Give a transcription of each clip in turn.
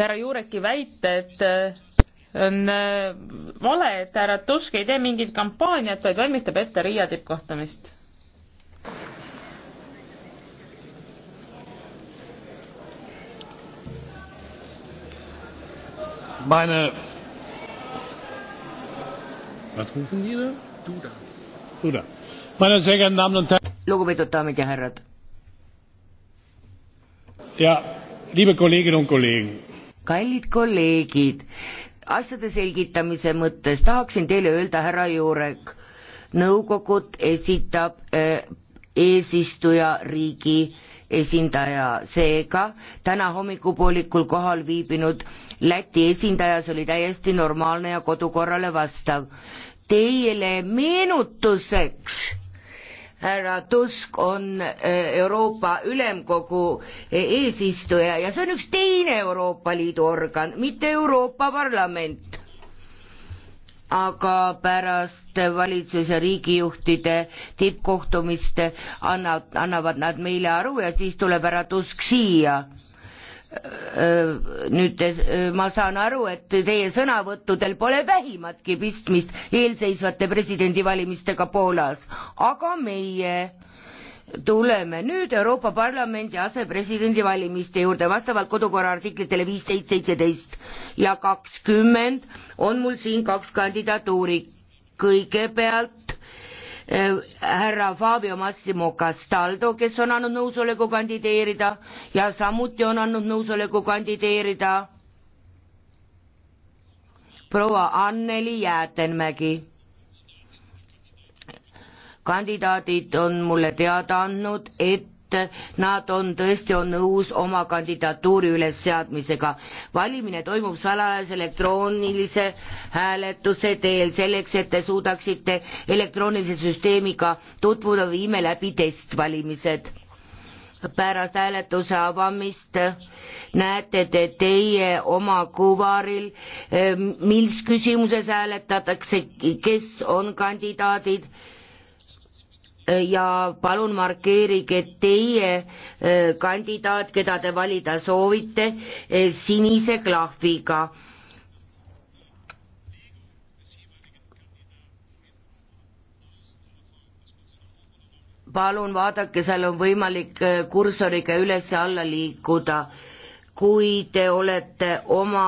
härra Jureki väited on äh, vale, et härra Tusk ei tee mingit kampaaniat, vaid valmistab ette Riia tippkohtumist. Meine Was rufen die da? Duda. Duda. Meine sehr geehrten Damen und Herren. Lugupeetud daamid ja härrad. Ja, liebe Kolleginnen und Kollegen kallid kolleegid, asjade selgitamise mõttes tahaksin teile öelda, härra Jurek, nõukogud esitab eh, eesistujariigi esindaja, seega täna hommikupoolikul kohal viibinud Läti esindaja, see oli täiesti normaalne ja kodukorrale vastav. Teile meenutuseks härra Tusk on eh, Euroopa Ülemkogu eh, eesistuja ja see on üks teine Euroopa Liidu organ, mitte Euroopa Parlament. aga pärast valitsus ja riigijuhtide tippkohtumist annavad, annavad nad meile aru ja siis tuleb härra Tusk siia Äh, nüüd te, äh, ma saan aru, et teie sõnavõttudel pole vähimatki pistmist eelseisvate presidendivalimistega Poolas, aga meie tuleme nüüd Euroopa Parlamendi asepresidendi valimiste juurde vastavalt kodukorra artiklitele viisteist, seitseteist ja kakskümmend on mul siin kaks kandidatuuri. kõigepealt härra Fabio Massimo Castaldo, kes on andnud nõusoleku kandideerida ja samuti on andnud nõusoleku kandideerida proua Anneli Jäätenmägi. kandidaadid on mulle teada andnud, et et nad on tõesti on nõus oma kandidatuuri ülesseadmisega. valimine toimub salajase elektroonilise hääletuse teel, selleks et te suudaksite elektroonilise süsteemiga tutvuda, viime läbi testvalimised pärast hääletuse avamist näete te teie oma kuvaril, eh, mis küsimuses hääletatakse, kes on kandidaadid ja palun markeerige teie äh, kandidaat, keda te valida soovite, äh, sinise klahviga palun vaadake, seal on võimalik äh, kursoriga üles ja alla liikuda. kui te olete oma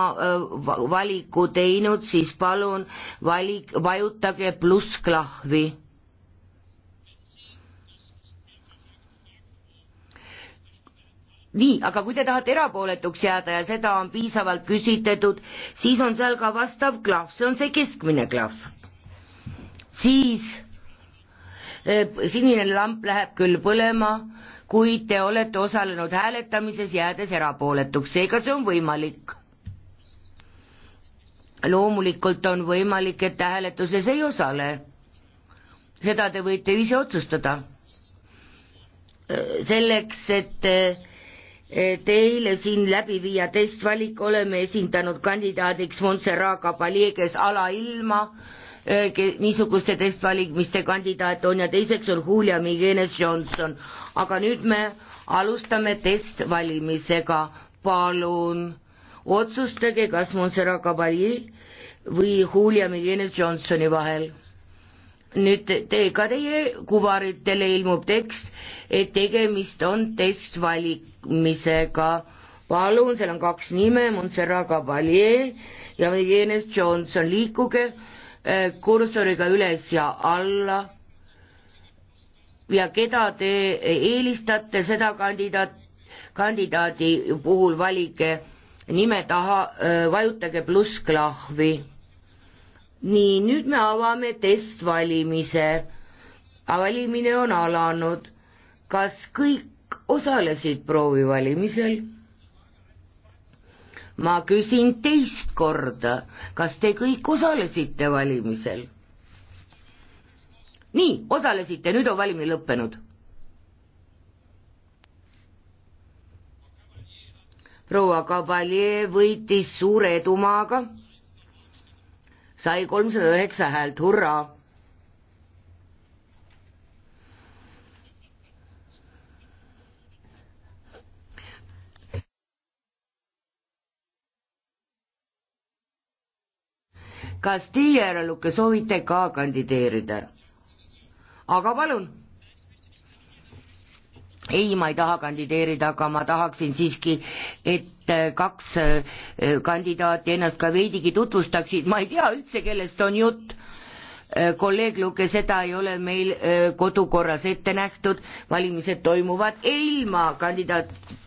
valiku teinud, siis palun valik, vajutage plussklahvi nii, aga kui te tahate erapooletuks jääda ja seda on piisavalt küsitletud, siis on seal ka vastav klahv, see on see keskmine klahv. siis eh, sinine lamp läheb küll põlema, kuid te olete osalenud hääletamises, jäädes erapooletuks, seega see on võimalik. loomulikult on võimalik, et te hääletuses ei osale. seda te võite ise otsustada. Eh, selleks, et eh, teile siin läbi viia testvalik, oleme esindanud kandidaadiks Montserrat Caballé, kes alailma niisuguste testvalimiste kandidaat on ja teiseks on Julia Migenes Johnson. aga nüüd me alustame testvalimisega, palun otsustage, kas Montserrat Caballé või Julia Migenes Johnsoni vahel nüüd te, ka teie kuvaritele ilmub tekst, et tegemist on testvalimisega. palun, seal on kaks nime, Montserrat Cavalier ja Enes Johnson, liikuge äh, kursoriga üles ja alla. ja keda te eelistate, seda kandidaat, kandidaadi puhul valige nime taha, äh, vajutage plussklahvi nii, nüüd me avame testvalimise. valimine on alanud. kas kõik osalesid proovivalimisel? ma küsin teist korda, kas te kõik osalesite valimisel? nii, osalesite, nüüd on valimine lõppenud. proua Kabalje võitis suure edumaaga sai kolmsada üheksa häält, hurraa. kas teie, härra Luke, soovite ka kandideerida? aga palun ei, ma ei taha kandideerida, aga ma tahaksin siiski, et äh, kaks äh, kandidaati ennast ka veidigi tutvustaksid, ma ei tea üldse, kellest on jutt. Äh, kolleeg Luke, seda ei ole meil kodukorras ette nähtud, valimised toimuvad ilma kandidaat